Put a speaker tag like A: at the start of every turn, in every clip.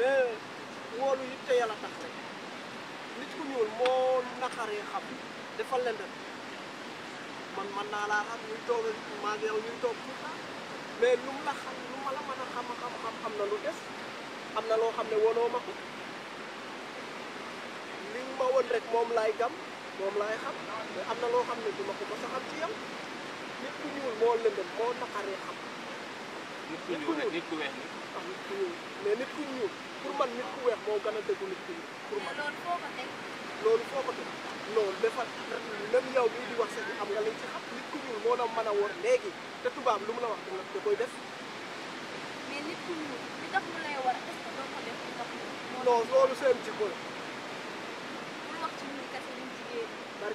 A: mais wóolu it te yàlla tax rek nit ku ñuul moo naqaree xam dafa lënd man man naa laa xam ñuy toog maa ngi toog tout ça mais lu mu la xam lu ma a xam xam xam am na lu des am na loo xam ne wonoo ma ko li ma won rek moom laay gam moom laay xam am na loo xam ne du ko mos a ci yow nit ku ñuul moo lëndëm moo naqaree xam. nit ku ñuul nit nit ku ñuul mais nit ku pour man nit ku weex moo gën a dëggu nit ku ñuul pour man. loolu foo ko teg. loolu foo ko teg loolu dafa même yow mii di wax sax am nga lañ ci xam nit ku ñuul moo doon mën a wor léegi te tubaab lu mu la wax da koy def. mais nit ku ñuul li tax mu lay war est def li loolu seen jikko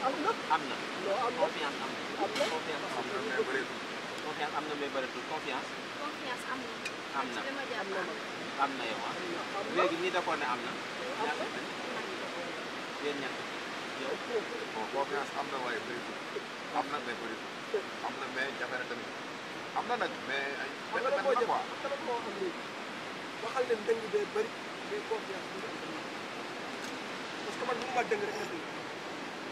A: am na.
B: am na confiance am na. confiance am na mais bëreetul. confiance am na mais bëreetul confiance.
A: confiance am na. am na
B: am na yow ah. léegi ñi d'accord ne am na. ñàkk nañ yéen ñàkk yow. bon confiance am na
A: waaye bëreetul am na mais bëreetul am na mais jafe na tamit am na nag mais ay. benn benn quoi waxal leen dëng bee bëri mais confiance bi parce que man bu ma dëng rek nga dëng.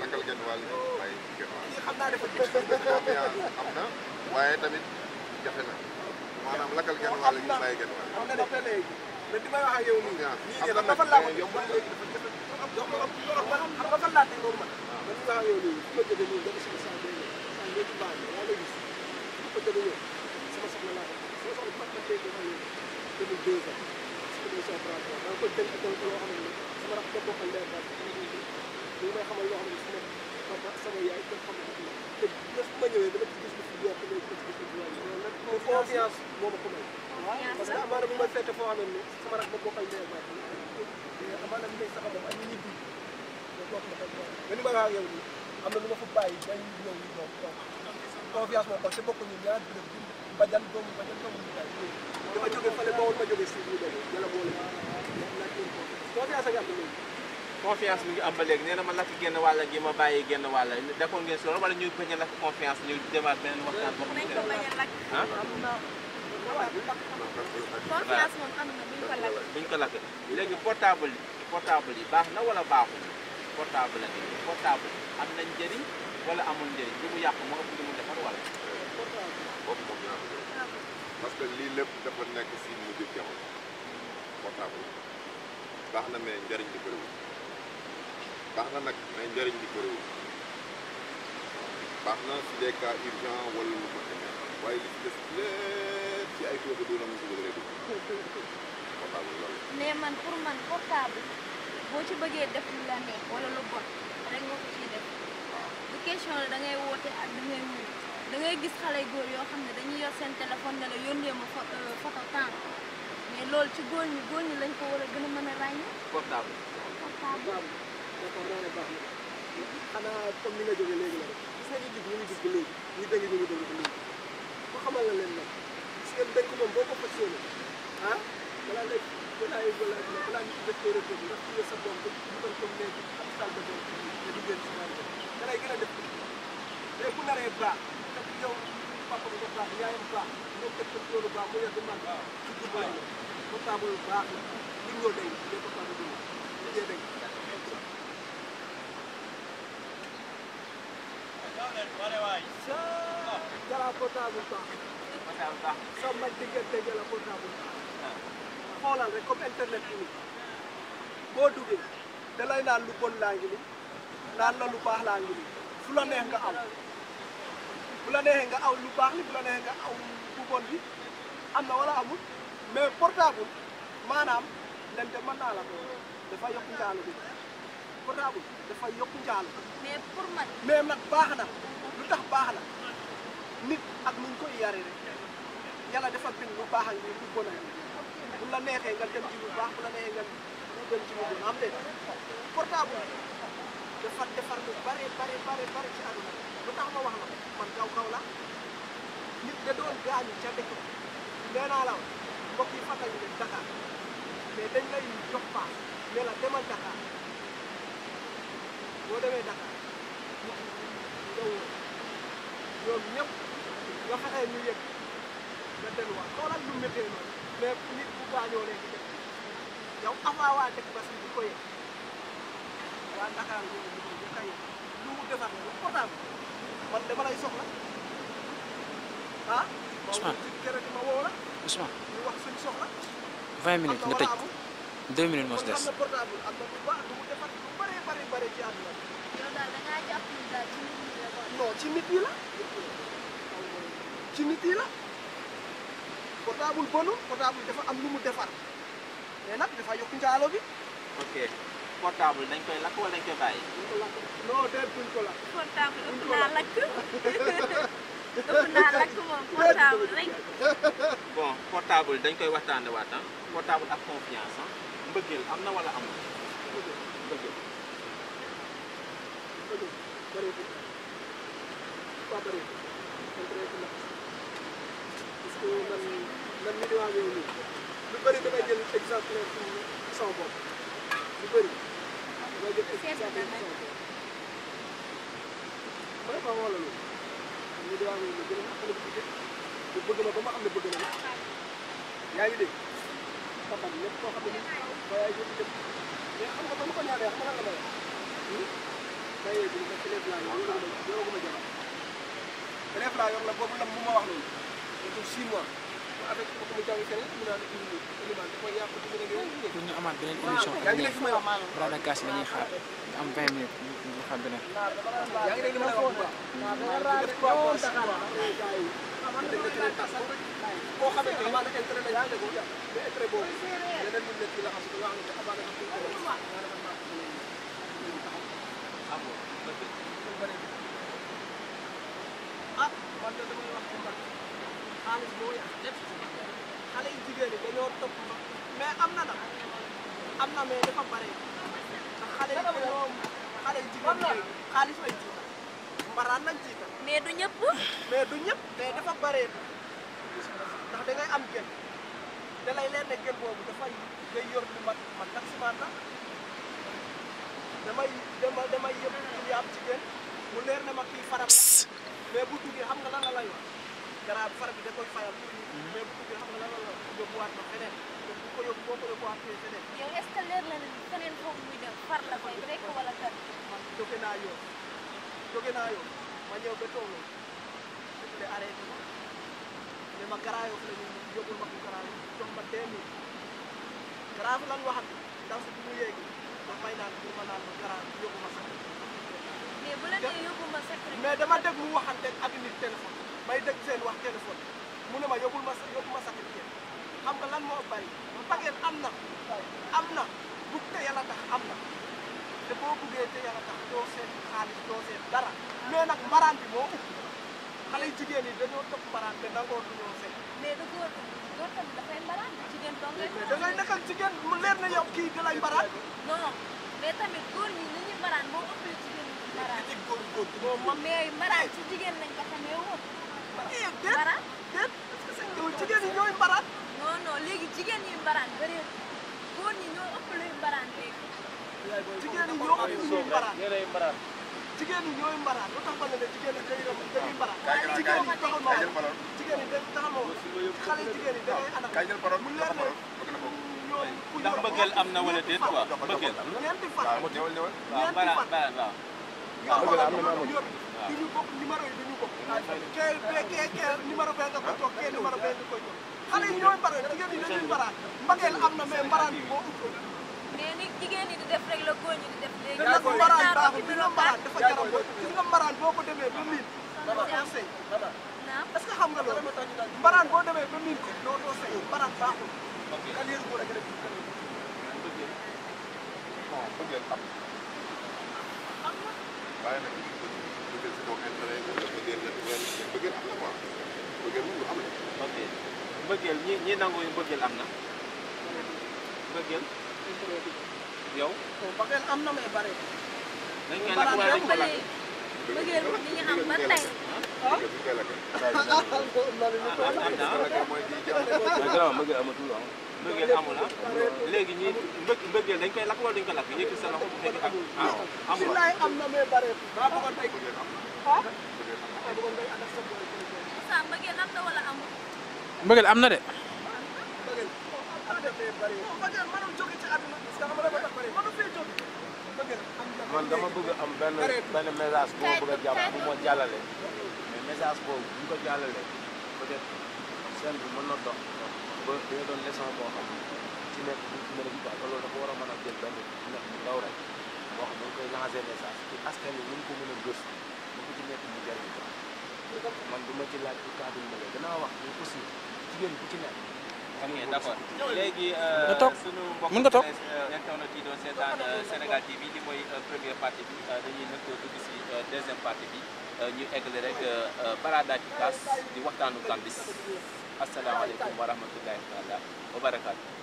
A: lakkal genn wàll bi waaye genn wàll xam naa dafa am na waaye tamit jafe na maanaam lakkal genn wàll bi bàyyi genn wàll. xam na dafa léegi mais li may wax ak yow nii. lii dafa dafa laa ko yomb léegi dafa jafe yomb yomb yomb man xam nga fan laa teg loolu man. waaw man li may wax ak yow nii su ma jógee ñëw dama soxla saa bee saa bee ci baax bi yaa ngi gis su ma jógee ñëw sama soxla laa ko sama soxla bi ma ko tey dafa yëngu demi deux ans su ma jógee saa baax bi maa ngi koy dénk ak yow loo xam ne sama rakk ko bokkal leer ñu ngi may xamal loo xam ne sama papa sama yaay kenn xamul ko te bés ma ñëwee dama ci gis lu fi yokk dama ci gis lu fi wàññi loolu nag mu confiance moo ma ko may parce que amaana bu may fekk foo xam ne sama rak ma bokkal ndey baay amaana bi may saxam moom ak ñi bi loolu ma koy ba ni ma laa yow nii am na lu ma fa bàyyi bay ñëw ñu doom doom confiance moo tax te bokk ñu ñaar dina bajal doomu bajal doomu ñu daal dama jóge fële bawol ma jóge si ñu doon yàlla boole confiance ak am na
B: confiance mi ngi am ba léegi nee na ma lakk genn wàll gi ma bàyyi genn wàll d'accord ngeen si loolu wala ñu a lakk confiance ñu demaat beneen waxtaan boo
A: xam ne confiance moom am na
B: buñ ko lakk léegi portable yi portable yi baax na wala baaxul portable la portable am na njëriñ wala amul njëriñ li mu yàq moo ëpp li mu defar wala parce que lii lépp dafa nekk si mujj jamono portable baax na mais njëriñ li bëriwul baax na nag mais baax na si des cas ko demee
A: waaye ay tooke doon man pour man portable boo ci bëggee def lu la neex wala lu bon rek nga ko ciy def bu question la da woote ak da ngay mën gis xale góor yoo xam ne dañuy yor seen téléphone ne la ma euh, photo temps mais loolu ci góor ñi góor ñi lañ ko war a gën a mën a ràññee. portable. kon loolu baax na xanaa comme ni nga jógee léegi la rek gis nañu jub ñu ngi jub ba léegi ñu dégg ñu ngi dégg ba léegi ku xamal la leen nag gis ngeen dëkk moom boo ko fas yéene ah balaa léeg balaa yëg balaa yëg balaa ñu dëkk koo rëdd ndax ci sa doom ba ñu doon comme léegi am saal de doom nga duggee ci daal da lay gën a def léegi bu naree baax te yow papa bi nga baax yaayam baax ñoom teg ko loolu baax mu yegg man ci jubbaay la portable baax la li ñoo day lépp papa bi liggéey day jala portable ba sama diggante jala portable ba xoolal rek boo duggee da lay naan lu bon laa ngi nii naan la lu baax laa ngi nii fu la neex nga aw bu la neexee nga aw lu baax li bu la neexee nga aw bu bon bi am na walla amul mais portable maanaam lente mën naa la dafa yokk njaalu bi potable dafa yokk njaalo.
B: mais pour man. mais
A: baax na lu tax baax na nit ak nuñ koy yare rek yàlla defal bind lu baax ak lu bu la neexee nga dem ci lu baax bu la neexee nga dem ci lu bon am de portable dafa defar lu bare bare lu tax ba wax la man kaw kaw la nit da doon gaañu ca dëkk nee naa la mbokk yi fàttali ne Dakar mais dañ lay jox paas ne la demal Dakar boo demee Dakar nga ñëpp wax ay ñu yëg nga delluwaat xoolal lu méttee mu defar lu potable man dama lay soxla ah. ma wax suñu soxla.
B: 20 minutes nga tëj 2 minutes moo des.
A: yi la ci nit yi la portable bonu portable dafa am lu mu defar mais nag dafa yokk njaalo bi.
B: ok portable dañ koy lakk wala dañ koy bàyyi. dañ portable dañ koy waxtaanee waat ah portable ak confiance
A: ah. mbëggeel am na wala amul. pas bëri intérêt bi naqs parce que man man mi di wax yow nii lu bëri damay jël exemple pour sama bopp lu bëri damay jël exemple pour sama bopp mooy ma wala loolu man mi di wax yow nii gën a xale bu jigéen bëgg na ba ma am ne bëgg na ma yaa ngi dégg papam lépp koo xam ne voyage yi dem mais xam nga ba ma ko ñaaree xam nga lan la may bayee bi ma ci leeg laa yow ma jëma neuf laa yor la boobu lam bu ma wax noonu mu def six mois ma affecté ko mu jàng keneen mu naan kii élément dafay yàqu di gën a gën
B: pour ñu amaat beneen émission yaa ngi dégg fi may wax Bradda Cash la ñuy xaar ñu am 20 minutes ñu xam beneen
A: yaa ngi dégg li may wax boo xamante ni amaana intérêt la yaa ngi dégg mais intérêt boobu yeneen ñu nekk ci la xam si nga xam ne amaana dafa ko xaalis moo yàq xale yu jigéen ñi dañoo topp mais am na nag am na mais dafa bare ndax xale yi jigéen ñi xaalis ay jiital mbaraan nañ jiital. mais du ñëpp. mais dafa bare ndax da am gën da lay leer ne gën boobu dafay day yor lu mat man taximaan la damay damay damay yëpp lu jigéen mu leer ne ma kii faram mais bu duggee xam nga lan la lay wax far bi da koy fayal pour ñu mais xam nga lan la la yóbbuwaat na feneen boo ko yóbbuwaatee feneen feneen foofu muy dem ba jox ma deux mille garaayo lan waxat ndaw si bu mu yéegi ma fay naan pour ma yóbbu ma sax def mais dama dégg mu waxante ak nit téléphone may dégg seen wax téléphone mu ne ma yóbbul ma yóbbu ma certificat xam nga lan moo bari paquet am na am na bug te yàlla tax am na te boo buggee te yàlla tax doo xaalis doo dara mais nag mbaraan bi moo ubbi xale yu jigéen yi dañoo topp mbaraan te nangoo duñoo seen mais du góor da ngay nekk ak jigéen mu leer na yow kii mbaraan non tamit góor ñi ni mbaraan moo ëpp jigéen moom mais maraat ci jigéen lañ ko xamee woon. maraat déet déet est jigéen ñi ñooy maraat. non non ñoo ëpp luy maraat léegi. jigéen ñi ñoo ëpp mu leer ndax mbëggeel am na wala
B: déet quoi mbëggeel. waaw ñeenti fan ñeenti waaw dëgg la am na ñu dañu
A: bokk numéro yi dañu kee kee kee bee nga ko jox kee numéro bee nga ko jox xale yi ñooy bare jigéen ñi dañuy mbaraan mbateel am na mais mbaraan bi moo ëpp.
B: mais ni jigéen di a booy gis ko demee ba
A: miin que xam nga loolu mbaraan boo demee ba miin ko doo doo sëy mbaraan baaxul. a
B: بعينك ممكن تكون حتى مدير وين البقل am na quoi bëggeel moom lu am la. ok mbëggeel ñi ñi nangu yu mbëggeel am na. mbëggeel.
A: yow. mbëggeel am na may bare. dañu koy lakk waaye dañu ko lakk. mbëggeel bi ñu xam ba tey. mbëggeel
B: amul ah léegi ñii mbëgg mbëggeel dañ koy lakk wala dañ ko lakk yëkkati sa loxo bu fekkee ak ah amul si laay am
A: na mais bare daa bëggoon tey ah daa bëggoon tey ànd ak sa boy Moussa mbëggeel am na wala amul
B: mbëggeel am na de mbëggeel
A: am na mais bare mbëggeel mënul jóge ci àdduna parce que xam nga dafa bare mënul fee jóge
B: mbëggeel am na man dama bëgg am benn benn message bu ma bëgg a jàpp bu ma jàllale message boobu bu ñu ko jàllale peut être seen bi mën na dox ba dina doon leçon boo xam ci nekk bu ci mën a baax loolu dafa war a man a jël benn nekk bu ndaw rek boo xam dañ koy lancer message ci askan wi ñu
A: ko mën a gëstu ba ku ci nekk mu jëriñ ko man du ma ci laaj bu kaddu ma la gën a wax ñu aussi jigéen bu ci nekk. kamu yang dapat. Lagi uh, sunu eh,
B: yang tahun nanti dan saya dan Senegal TV di moy premier party bi dañuy nekk tu ci deuxième party bi ñu égalé rek parada ci place di waxtanu tambis. Assalamu alaykum wa rahmatullahi wa barakatuh.